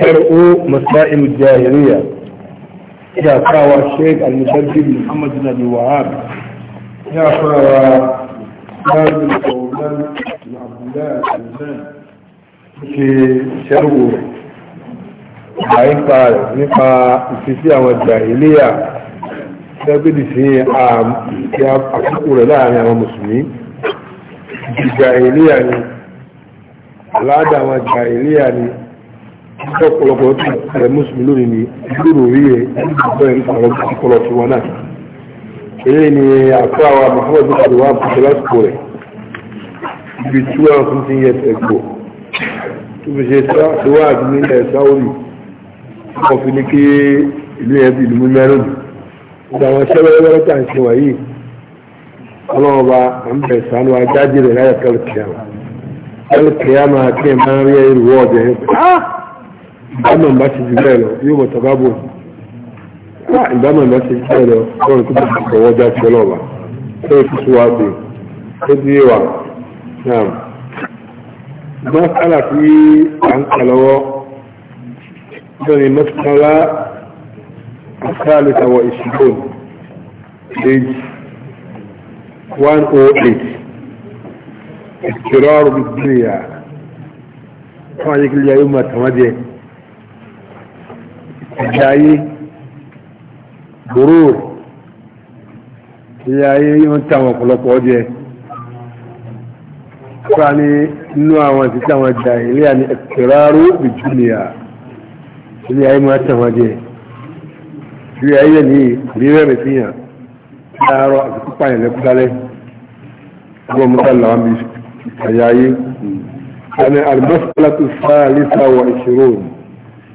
شرء مسائل الجاهلية يا كاوى الشيخ المسجد محمد بن ابي وهاب يا كاوى سالم بن فوزان بن عبد الله في شرء عيفا نفا في الجاهلية تبدي في عام يا أقول لا يا مسلمين في الجاهلية يعني لا الجاهلية يعني ọjọ́ ọ̀pọ̀lọpọ̀ tí ẹ̀ mùsùlùmí lónìí ni lóòrò rí ẹ̀ ẹgbẹ́ ìpàrọ̀ ìpọlọ tí wọn náà èyí ni àkọ́ àwọn Muhammad bukari wa bukari lásìkò rẹ̀ ibi tí wọ́n tún ti yẹ ẹ̀gbọ́ tó fi ṣe síwáàdì ní ilẹ̀ sáwọ́rì wọ́n fi ní kí ìlú ẹ̀ bí ìlú mẹ́rin ìgbà wọn ṣẹ́ wẹ́rẹ́wẹ́rẹ́ tà ń ṣe wáyé ọlọ́ọ̀ba ń bẹ̀ sánú ajáde rẹ̀ láyà kẹlẹ̀ kìámà kẹlẹ̀ kìámà kí ẹ̀ máa rí ẹ̀ rú ọ̀dẹ̀ ẹ̀ ìbámu ìbá ti jù bẹ́ẹ̀ lọ yóò mọ̀ tàbábò ní ìbámu ìbá ti jù bẹ́ẹ̀ lọ lọ́rùn tó bá ti kọ̀wọ́ já sí ọlọ́ọ̀bà tó ti sọ wá dé tó ti yé wa náà mọ́sálà tí à ń kà lọ́wọ́ lórí mọ́sálà àkàlẹ̀ tàwọ̀ ìṣìgbòn page 108 ìkìrọ̀rù bíbélì yà fún àyíkìlẹ̀ yóò mọ̀ tàwọn jẹ́ ẹ̀dá ayé gbòòrò ilé ayé yóò ń tàwọn ọ̀pọ̀lọpọ̀ ọjẹ́ kọ́ra ní inú àwọn àti táwọn ẹ̀dá ilé àní ẹ̀kẹ́ráró ìjúlìyà ilé ayé máa tàwọn ọjẹ́ ilé ayé ní ìrírẹ́ rẹ̀ fihàn láàárọ̀ àti pípa yẹn lẹ́kú lálẹ́ ọgbọ́n mọ́tà làwọn bí ìtàyà ayé. أنا المسألة الثالثة وعشرون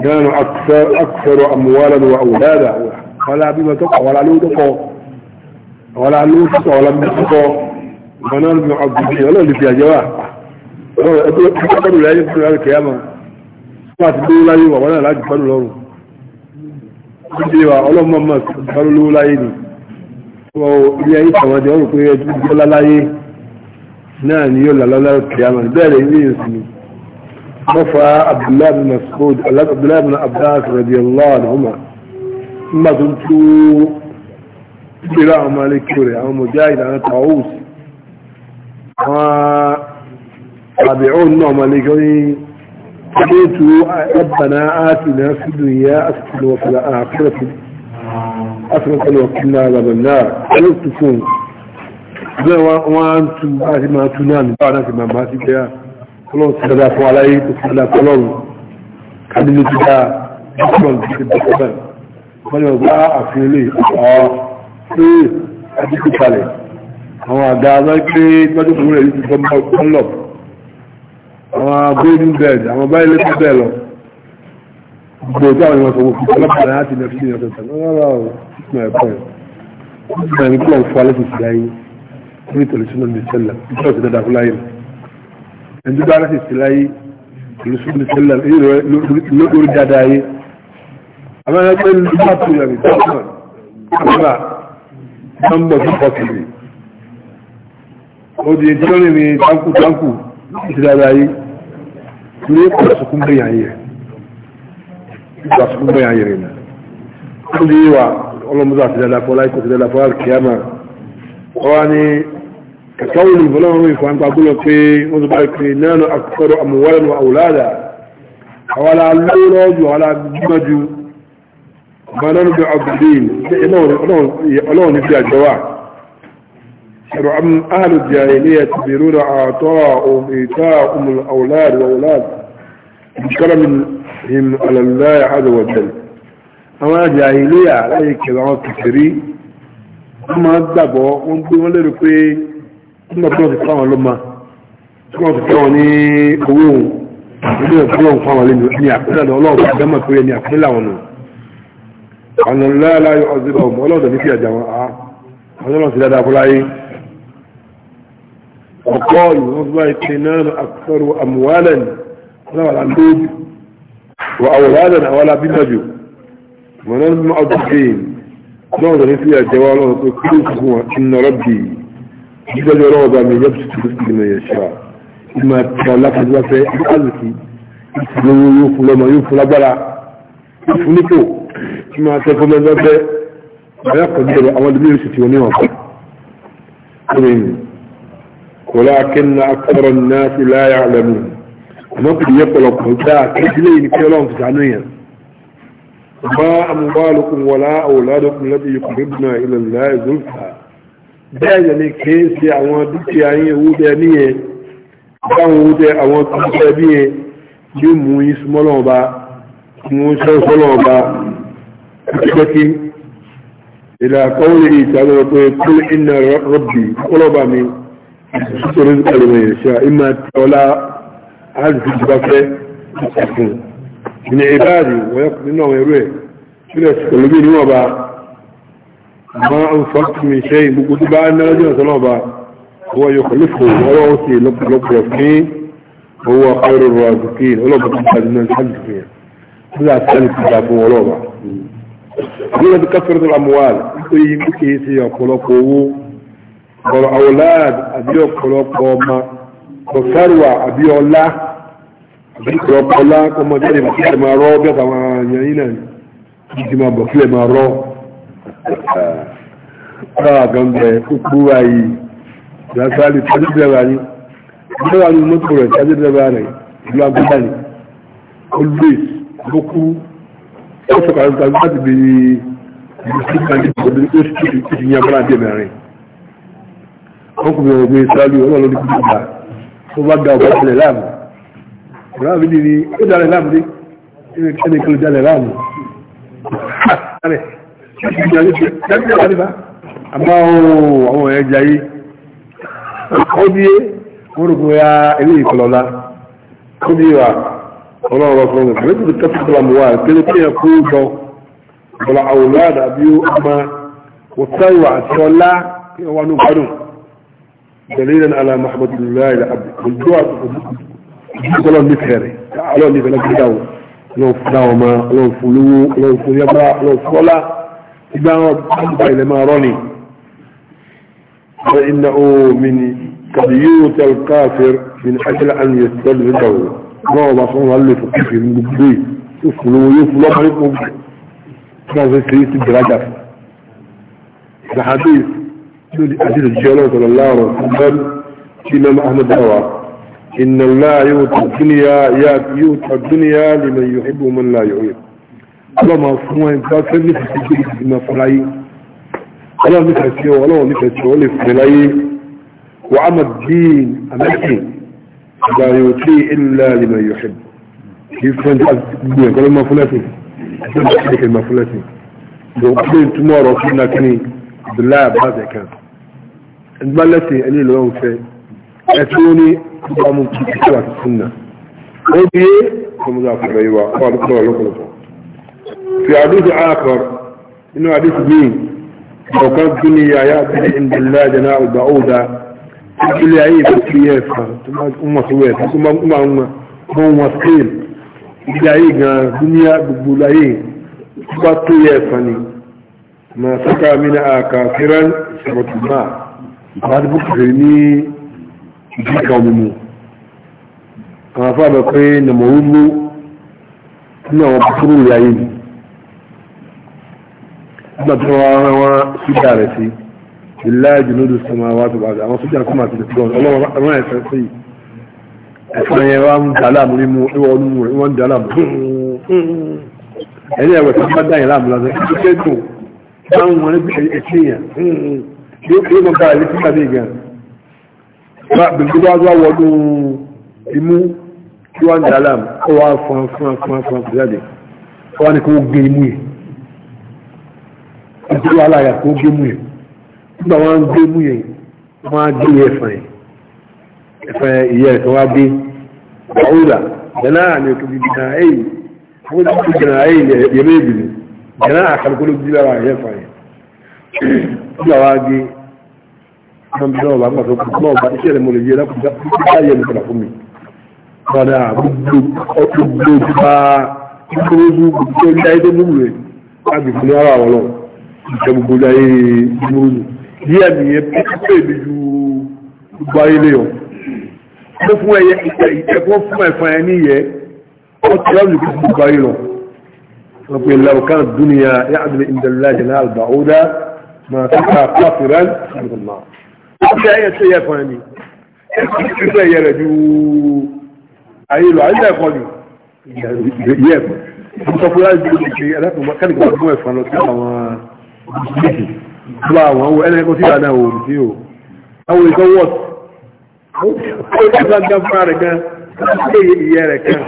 كانوا أكثر أكثر أموالا وأولادا ولا بما تقع ولا لو تقع ولا لو تقع ولا لو تقع وانا ابن عبد ولا اللي ولا جواب ولا لا يقبلوا على ولا ما ولا لا يوا ولا تقع ولا لو تقع ولا تقع ولا لو تقع ولا لو تقع ولا لو تقع ولا لو تقع ولا لو تقع ولا لو تقع ولا لو تقع مفى عبد الله بن مسعود عبد الله بن عباس رضي الله عنهما ما تنتو إلى مالك كوري أو مجاهد أنا طاووس وتابعون نوع مالكي قلت ربنا آتنا في الدنيا أسفل وفي الآخرة أسفل وكنا عذاب النار قلت تكون وأنتم ما تنام بعد ما ماتت ọlọ́run ti dada fún aláyé tó ti dada fún ọlọ́run kádìlé ti dá bíkọ́n ti ti dọ́kọ̀ bẹ́ẹ̀ wọ́n yóò gbá àfihàn lè ọ̀ pé àdínkù kalẹ̀ àwọn àga aláìpé gbájú fún rẹ̀ yìí ti bọ́ pọ́nlọ̀ àwọn golden bed àwọn báyìí lè fi bẹ́ẹ̀ lọ gbogbo tí àwọn ìwọ̀n sọ̀rọ̀ fún ọlọ́pàá láti lè fi ìyàtọ̀ tẹ̀lé wọ́n rà ó sísun ẹ̀kọ́ ẹ̀ ó sì máa ní kí wọ́n fọ́ alẹ́ tó ti dá yín ní ìtọ́lẹ́sọ́nà ní sẹ́lẹ̀ ìtọ́lẹ́sọ́nà dáadáa fún láyé rẹ̀ ẹni bá láti sí láyé olùsúlù sílẹ̀ lórí dáadáa yé àwọn ẹgbẹ́ ní liverpool àbí dortmund àbúrà wọ́n ń bọ̀ sí pọ̀tìlì ó di etí lọ́rìn ní táǹkù táǹkù sí dáadáa yé ní ẹ̀kọ́ sọkún bẹ́yà yẹ ìgbà sọkún كقول الظلام من فهم تقول لك وضبع الكرينان أكثر أموالا وأولادا ولا اللولج ولا بمجو ما ننبع عبدين يقولون في الجواب شرع أهل الجاهلية يرون أعطاءهم إيطاءهم الأولاد وأولاد بكرمهم على الله عز وجل أما جاهلية عليك كذا كثيرين أما الدبو وانتم لرقين nígbà tí wọ́n ti fáwọn lọ́mọ tí wọ́n ti fáwọn ní owó òun nígbà tí wọ́n fáwọn lẹ́nu ní àpẹẹrẹ ọlọ́ọ̀bù àdámà tó yẹ ní àpẹẹrẹ àwọn nù ọ̀nà láàláyọ̀ ọ̀zẹ́bà ọmọ ọlọ́ọ̀dọ̀ ní fi àjà wọn á àwọn ọlọ́ọ̀sì dáadáa fúláyé ọ̀pọ̀ ìwọ̀n bá ti náà àkọsọ̀rọ̀ àmúwálẹ̀ náà lóòdù wà àwòrán ní ọlọ́ọ̀dọ̀ pé جدا لروضة من يبسط رزق من يشاء إما تولك الوفاء بقلبك يفلو يفلو ما يفلو برا يفلو إما تكون الوفاء ويقدر أول بيرسة ونوفا ولكن أكثر الناس لا يعلمون ممكن يطلق هداء كجلين كلام تسعنيا ما أموالكم ولا أولادكم الذي يقربنا إلى الله زلفى bẹ́ẹ̀ yẹn ni kì í ṣe àwọn dúkìá yín owó tẹ ní yẹn báwọn owó tẹ àwọn dúkìá bí yẹn yóò mú yín súnmọ́ lọ́wọ́ bá mú sọ́sọ́ lọ́wọ́ bá kíkọ́kí ìlà kọ́wọ́lì ìtàgé rẹ̀ pé kúl iná rọ́bì kọ́lọ́bà mi sọ́sọ́ ما أنفقت من شيء بقول بقى أن رجل طلبة هو يخلفه ولو أوتي لب لب فيه هو خير الرازقين ولو بتحتاج من الحمد فيه لا تسألك تدافع ولو بقى هنا بكثرة الأموال يمكن يخلقه ọ̀rọ̀ àwòláàd àbí ọ̀pọ̀lọpọ̀ ọmọ kọ̀sárùwà àbí ọlá àbí ọ̀pọ̀lọpọ̀ ọlá kọmọdé àti ìmọ̀ rọ́ bí àtàwọn èèyàn yìí náà ìdìmọ̀ bọ̀kílẹ̀ máa rọ́ Ah, ọ̀rọ̀ àgbọ̀ngbẹ̀ kúkú wáyé lásàálì tàbí dẹ́rẹ́bà ní dẹ́rẹ́bà ní mọ́tò rẹ̀ tàbí dẹ́rẹ́bà rẹ̀ ìlú agbọ́dá ní always bókú ọ̀sọ̀ kan tàbí láti bí ìlú sí kàndí ọdún tó sì ti ti yan bọ́lá dé mẹ́rin wọ́n kò bẹ̀rẹ̀ pé sáálù ọlọ́run ní kúkú gbà tó bá da ọ̀pọ̀ ìṣẹ̀lẹ̀ láàmú ìráàmì ni ó dalẹ̀ láàmú dé ẹni kẹ́ni kẹ́ni dalẹ̀ láàmú àmọ́ àwọn ẹ̀ jayé ó ní orúkọ ya ilé ìkọlọ́lá ó ní wa ọlọ́rọ̀ ọ̀sán rẹ̀ pẹ̀lú tó tẹ́sí ìlànà wa pẹ̀lú pé ẹ̀kú jọ bọ̀lá àwòrán àdàbí ó ọmọ wọ́táwà àti ọlá على محبة الله العبد والدعاء قالوا لي خير قالوا لي بلا داو لو فداو ما لو فلو لو فيبا إذا ربك إلى ما رني فإنه من قد يوت الكافر من أجل أن يستلزمه الله سبحانه قال له فكفر مبدي يفلو يفلو يفلو هذا سيس الدرجة الحديث حديث الجلال صلى الله عليه وسلم إمام أهل رواه إن الله يؤتى الدنيا يؤتى الدنيا لمن يحب ومن لا يحب ọlọ́mọ fún ẹ gba fẹ́mìtì tí kí ìdí máa fún láyé ọlọ́run nífẹ̀ẹ́ sí ọ ọlọ́run nífẹ̀ẹ́ sí ọ lè fún ẹ láyé wà á mọ̀ dín amẹ́kì ìgbà yóò tí ìlà ìmọ̀ yóò ṣe kì í fún ẹ gbé ẹ̀kọ́ lọ́mọ fún lẹ́sìn àti ọmọ fún ẹ̀kẹ́ máa fún lẹ́sìn lọ pé ìtumọ̀ ọ̀rọ̀ fún náà kíni ìdílé àbáṣẹ kan ẹgbẹ́ lẹ́sìn ẹni lọ́run fẹ́ ẹ tí ó ní kúbámu في حديث آخر إنه حديث مين لو كان الدنيا يأتي عند الله جناء بعودة تقول يا عيب كيفها أم سويت أم أم أم أم مسكين يا الدنيا بقولاي تبطي يفني ما سكى من كافرا سبت ما هذا بكرني بك وممو كما فعل قين نمو نمو نمو بكرو يا gbàtọ́ wọn wọn sídà rẹ̀ sí ìláyà jùlọ́dù sọmọ àwọn àti bàbá àwọn sójà kọ́mà ti tẹ̀sí ọ̀nà ọlọ́wọ́n ẹ̀fẹ́ sí ẹ̀fọn yẹn wọ́n ń dà láàmú ní mú ìwọ̀n nù rẹ̀ wọ́n ń dà láàmú ẹ̀yẹ́ ẹ̀wẹ̀ tó bá dá yẹn láàmú lọ́sẹ̀ kí ló dùn báwọn wọn ẹ̀sìn yẹn yóò mọ bá ẹ̀lẹ́sìn kàdé gan gbogbo wa wá wọnú imú kí wọ́n dà láàmú kó wá fún fún fún fún fún jáde kó wá ní kó gbé imú yìí ìdúró aláya kó gé mú yẹn nígbà wọn gé mú yẹn wọn á gé yẹn ẹ̀fọn yẹn ẹ̀fọn ìyá ẹ̀fọn wá gé wàhùlà jẹ̀nà àmì òkè bìbì náà ẹ̀yìn àwọn ìdúró jẹ̀nà ẹ̀yìn yẹ̀mẹ̀ ìbìlì jẹ̀nà àkàlùkọ́lù bìbì lára ẹ̀yẹ ẹ̀fọn yẹn nígbà wá gé wọn bí náà wà ń pàṣẹ kó náà bá iṣẹ́ rẹ̀ mo lè yẹ lákòókò bá yẹ mi padà fún mi padà ìjẹ gbogbo ayé múrùnù ní ẹ̀mí yẹn pé èmi ju gbogbo ayé lé ọ mo fún ẹyẹ ìjẹ ìjẹ fún fún ẹfọn ẹ ní ìyẹ ó ti rẹ́ olùkí fún gbogbo ayé lọ wọ́n pe lọ́ọ̀kan dúnìyà yá àbílẹ̀ ìdẹ̀lẹ́ àjẹlá àlùbà ó dá máa fi ká pàfẹ́rẹ́ ìrìnà ó fi ayé tó yẹ fún ẹni ẹ̀sìn tó fẹ́ yẹ rẹ̀ ju ayé lọ ayé lẹ́ẹ̀kọ́ mo sọ fún yàrá ìdílé mi pé ẹ̀rẹ́ kò mọ́ ẹ̀fọn lọ sí àwọn bíìtì tó bá àwọn ohun ẹlẹ́kọ́ sí ìlànà òòrùn sí o àwọn ìtọ́ wọ́t ó ti bá gbá fún ààrẹ gan ṣe ìyẹ́ rẹ̀ kan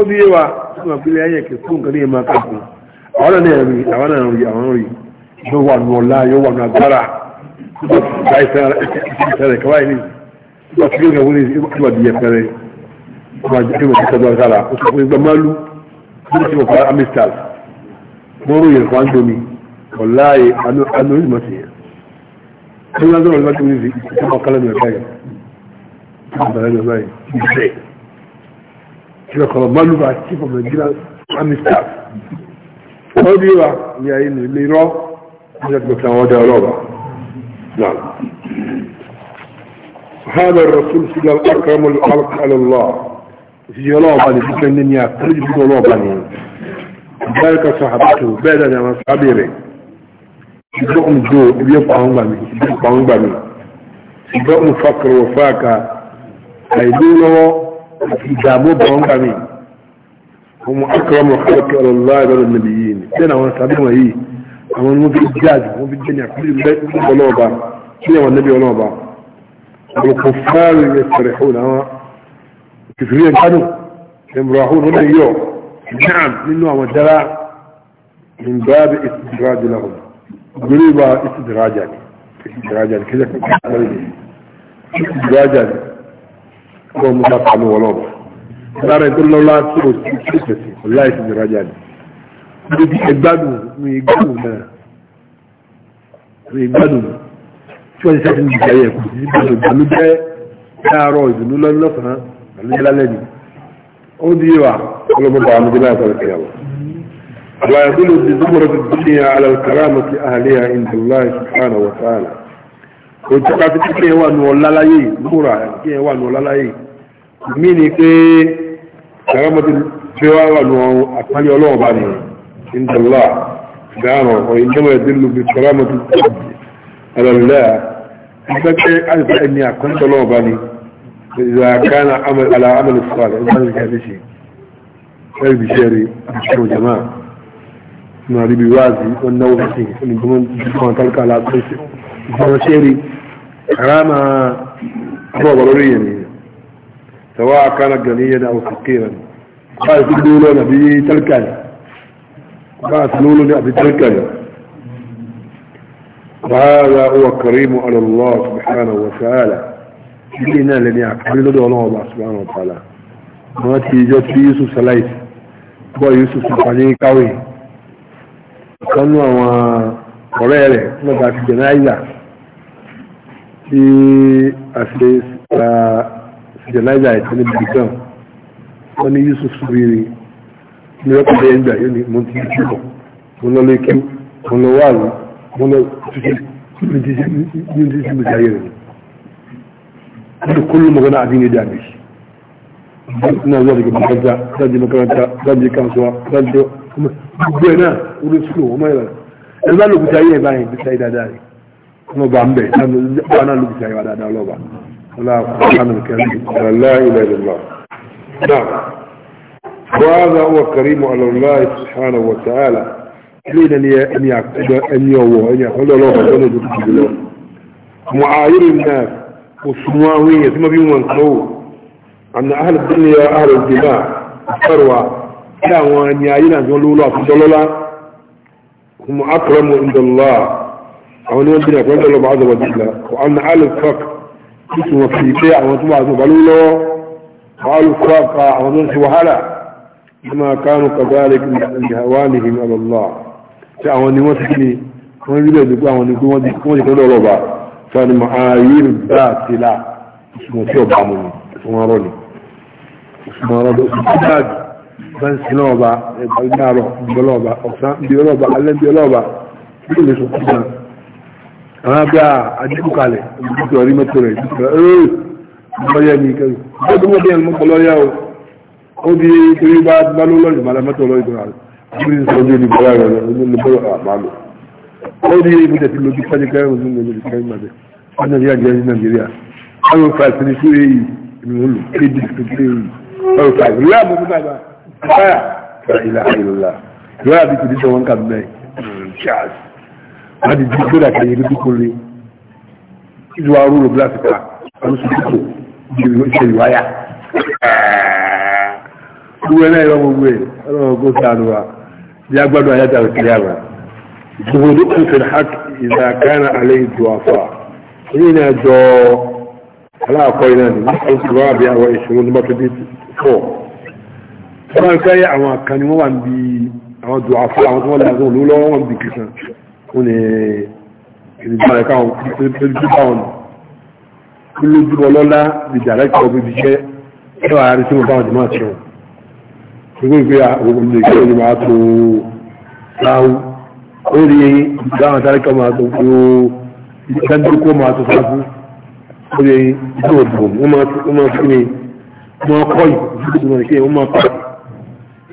ó bí wa fún àpilẹ̀ ayẹ̀ kì fún nǹkan ní ìmọ̀ kankan àwọn náà rí àwọn náà rí àwọn rí yóò wà nù ọ̀la yóò wà nù agbára gba ìfẹ́ rẹ̀ kọ́wáyé ní ìgbà tí yóò wọlé ìgbà bí yẹ fẹ́rẹ́ ìgbà tí yóò tọ́jú ọ̀sára ó sọ fún ìgbà máàlú ó sì wọ̀ fún amistad mo rò yẹn fún àjọ mi wallahi an yi masu yi kan ya zama lalata ne zai ta makalar da kayan ta bala da zai zai kira kuma malu ba kifa mai gina amistad ko biyuwa yayin lero da gbatawa da roba na هذا الرسول صلى الله عليه وسلم أكرم الخلق على الله في لوباني في كنيا ترجم لوباني ذلك صحابته بعد أن أصحابه ìdókùn jó ibi ọ̀pọ̀ àwọn gbàmí ibi ọ̀pọ̀ àwọn gbàmí ìdókùn fọkàrọ̀ wọ̀ fáàkà àìlú lọ́wọ́ àti ìdààmú ọ̀pọ̀ àwọn gbàmí ọmọ akọrọ mọ̀ kọ́lọ́kọ́ ọlọ́lá ìbẹ̀rẹ̀ níbi yìí ni bẹ́ẹ̀ àwọn sábẹ́ wọn yìí àwọn ni wọ́n fi jáde wọ́n fi jẹ́ ní àkúrẹ́ ìbẹ̀rẹ̀ ọlọ́ọ̀ba kí àwọn níbi ọlọ́ọ̀ba ọ̀pọ̀ fáàrí yẹn fẹ̀rẹ̀ hó làwọn kìfìrí yẹn kánú ìmùràhó lọ́dẹ̀ yọ náà nínú àwọn dára ní bá bí ìsìnkú guri ba istidraja ne istidraja ne kaje kuma kamar ne istidraja ne ko mu ta falu wala ba dara ko lo la ko ko ko wallahi istidraja ne bi bi egbadu mi egbadu na mi egbadu tí wọ́n ti sẹ́tì ní ìgbà yẹn kò sí ìgbàlódé ìgbàlódé láàárọ̀ ìdùnnú lọ́nà lọ́sàn-án àlejò lálẹ́ ni ó di wa ọlọ́mọba àmì dé láàárọ̀ ìgbàlódé ويدل بزمرة الدنيا على الكرامة أهلها عند الله سبحانه وتعالى وانتقى في تكريه وان ولا لا يي نورا كيه وان ولا لا يي ميني كي كرامة الجواء وان أفعل الله بني عند الله سبحانه وإنما يدل بكرامة الأرض على الله فكي ألف أن يكون الله بني إذا كان عمل على عمل الصالح إذا كان شيء قلبي شيري أشكر جماعه na ribi wazi wannan wani ne kuma kuma talka la sai kuma sheri karama abu barori ne sawa kana ganiya da abu fakiran ba su dole na bi talka ne ba su dole na bi talka ne وهذا هو كريم على الله سبحانه وتعالى إنا لن يعقبل الله سبحانه وتعالى ما تيجي يوسف سلايس هو يوسف سبحانه قوي ìkanú àwọn ọ̀rẹ́ rẹ̀ lọ́gbà ti jẹ̀náìyà tí a ṣe jẹ̀náìyà ìtàn níbi gan wọ́n ní Yusuf Subiri ní ọkọ̀ bẹ́ẹ̀ ń gbà yóò ní mo ti ní kíkọ̀ mo lọ lé kí mo lọ wà lọ mo lọ tuntun ní ti ṣe mi sáyé rẹ̀ ní kúlù mọ̀gánà àbí ní dàbí náà lọ́dọ̀ kí makaranta lọ́dọ̀ makaranta lọ́dọ̀ kansuwa lọ́dọ̀ alụ he eahe a a a kí àwọn ẹni ayé náà tó lówó àfijọ́ kuma àwọn ni wọ́n bí àwọn tí tí wọ́n fi pé àwọn lọ́wọ́ àwọn àwọn tó ń wàhálà ní kánú kí ní tí àwọn ni wọ́n ti kí bẹ́ẹ̀sì náà ọba ìgbàlódàrọ̀ ìgbàlódà ọ̀sán ìgbàlódà alẹ́ ìgbàlódà bí lè sọ̀tún náà àwọn abẹ́ àdínkùkalẹ̀ ìdíkù ọ̀rí mẹ́tò rẹ̀ ìdíkù ẹ̀rọ lọ́yẹ̀ ní ìkẹ́rù bó tó wọ́n bí ẹnu mọ́kọ lọ́yẹ̀ o ó di torí bá bá ló lọ́yẹ̀ máa mẹ́tò lọ́yẹ̀ tó rà lórí ìsọjú ní bọ́lá rẹ̀ lọ́lọ́ àmàlò baya ah, la ilaha illallah yóò yà bí kìí sọ wọn kàn bẹ́ẹ̀ ṣáàs wọn ti di gbọ́dọ̀ kẹyìn ní dúkúrú ìlú wa rúrò gíláàsì pa wọn sì dúkú ṣe ìwáyà gbogbo ẹ̀ náà yọ gbogbo ẹ̀ ọlọ́run kó sànù wa bí agbádùn ayájà òkèlè àgbà gbogbo dúkú fèrè hàk ìdá kánà alẹ́ wọ́n fẹ́ àwọn kan ni wọ́n wà níbi àwọn dùn àfọ́ àwọn tó wọ́n lọ́wọ́ lọ́wọ́ lọ́wọ́ wọn bí kìsàn wọ́n ní ìdìbò ẹ̀ka wọn ìdìbò wọn lójúbọ lọ́lá ìdàrẹ́kọ̀ bíbi jẹ́ ẹwà àrí tí mo bá wọn jù máa ṣe wọn gbogbo ìgbé àwọn ilé ìgbé òní máa tó láwú ó rí ìdáhùn dárẹ́kọ̀ máa tó gbó ìdájúkọ máa tó sáfú ó rí ìdáhùn òdùbò wọn máa fi ní wọn kọ́ ìdíjọ́ ìdíjọ́ ìdíjọ́ wọn máa pàdé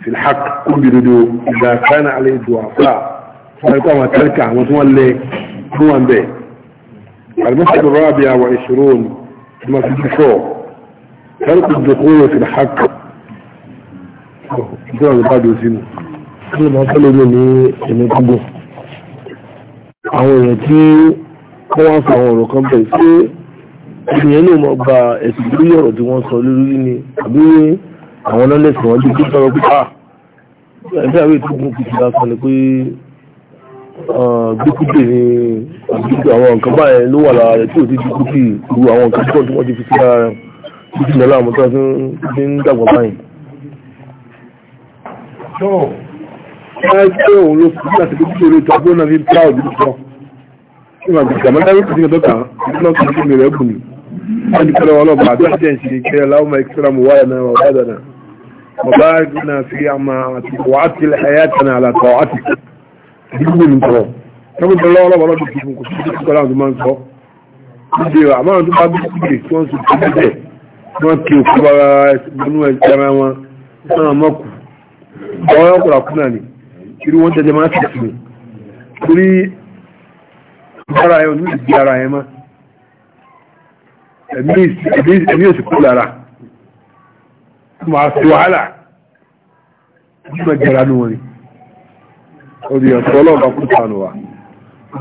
في الحق كل ردو إذا كان عليه ضعفاء فالقوم تركع وتولي هو به المسألة الرابعة وعشرون ما في الشروع ترك الدخول في الحق ìjọba mi bá dòsí nù. kí ló máa fẹ́ lómi ní èmi gbogbo àwọn èèyàn tí wọ́n wá sọ àwọn ọ̀rọ̀ kan bẹ̀ ṣé ènìyàn náà mọ̀ gba ẹ̀sìn lórí ọ̀rọ̀ tí wọ́n sọ lórí ni àbí àwọn lọ́lẹ́sìn wọn ti kí sọ̀rọ̀ pé ẹgbẹ́ àwọn ètò ìgbìmọ̀ kìí ṣe àkọlẹ̀ pé gbígbé ni àbíkú àwọn nǹkan báyẹn ló wà lára rẹ̀ tí ò ti di gbígbé ìlú àwọn nǹkan tó tí wọ́n ti fi sí ara rẹ̀ gbígbé ìlú àwọn tó ti ń dàgbà báyìí. ṣé ṣé òun ló fi láti fi gbígbé rẹ̀ tọ́gbọ́n náà fi plow bí sọ kí wọ́n gbèsè àmọ́ dáwọ́ ìpínlẹ̀ dọ́kà ìdílé náà kìí ṣe mi rẹ̀ gùn ni wọ́n ti kọ́ وباركنا في أماتك وعدت حياتنا على طاعتك دين من طرام تقول الله ولا ولا بكم كنت كلام زمان صح دي ما انت بعد كده كون سبتي ما كيو كبا بنو الجماعه انا مكو هو يقول اكنا ني كيرو وانت جماعه تسمي كوري ara yẹn ní ìdí ara yẹn mọ́ ẹ̀mí ìsìnkú lára máa fi wàhálà nígbà jẹ́ra ní wọn ni orí ọ̀tọ̀ ọlọ́ọ̀bá kú sànù wa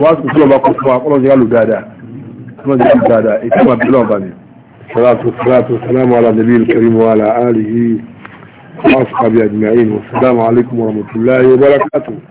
wá sùn sí ọba kú fún wa ọlọ́ọ̀jẹ́ àlù dáadáa ọlọ́ọ̀jẹ́ àlù dáadáa èyí tí wọ́n bí lọ́ọ̀bá mi salatu salatu salamu ala nabi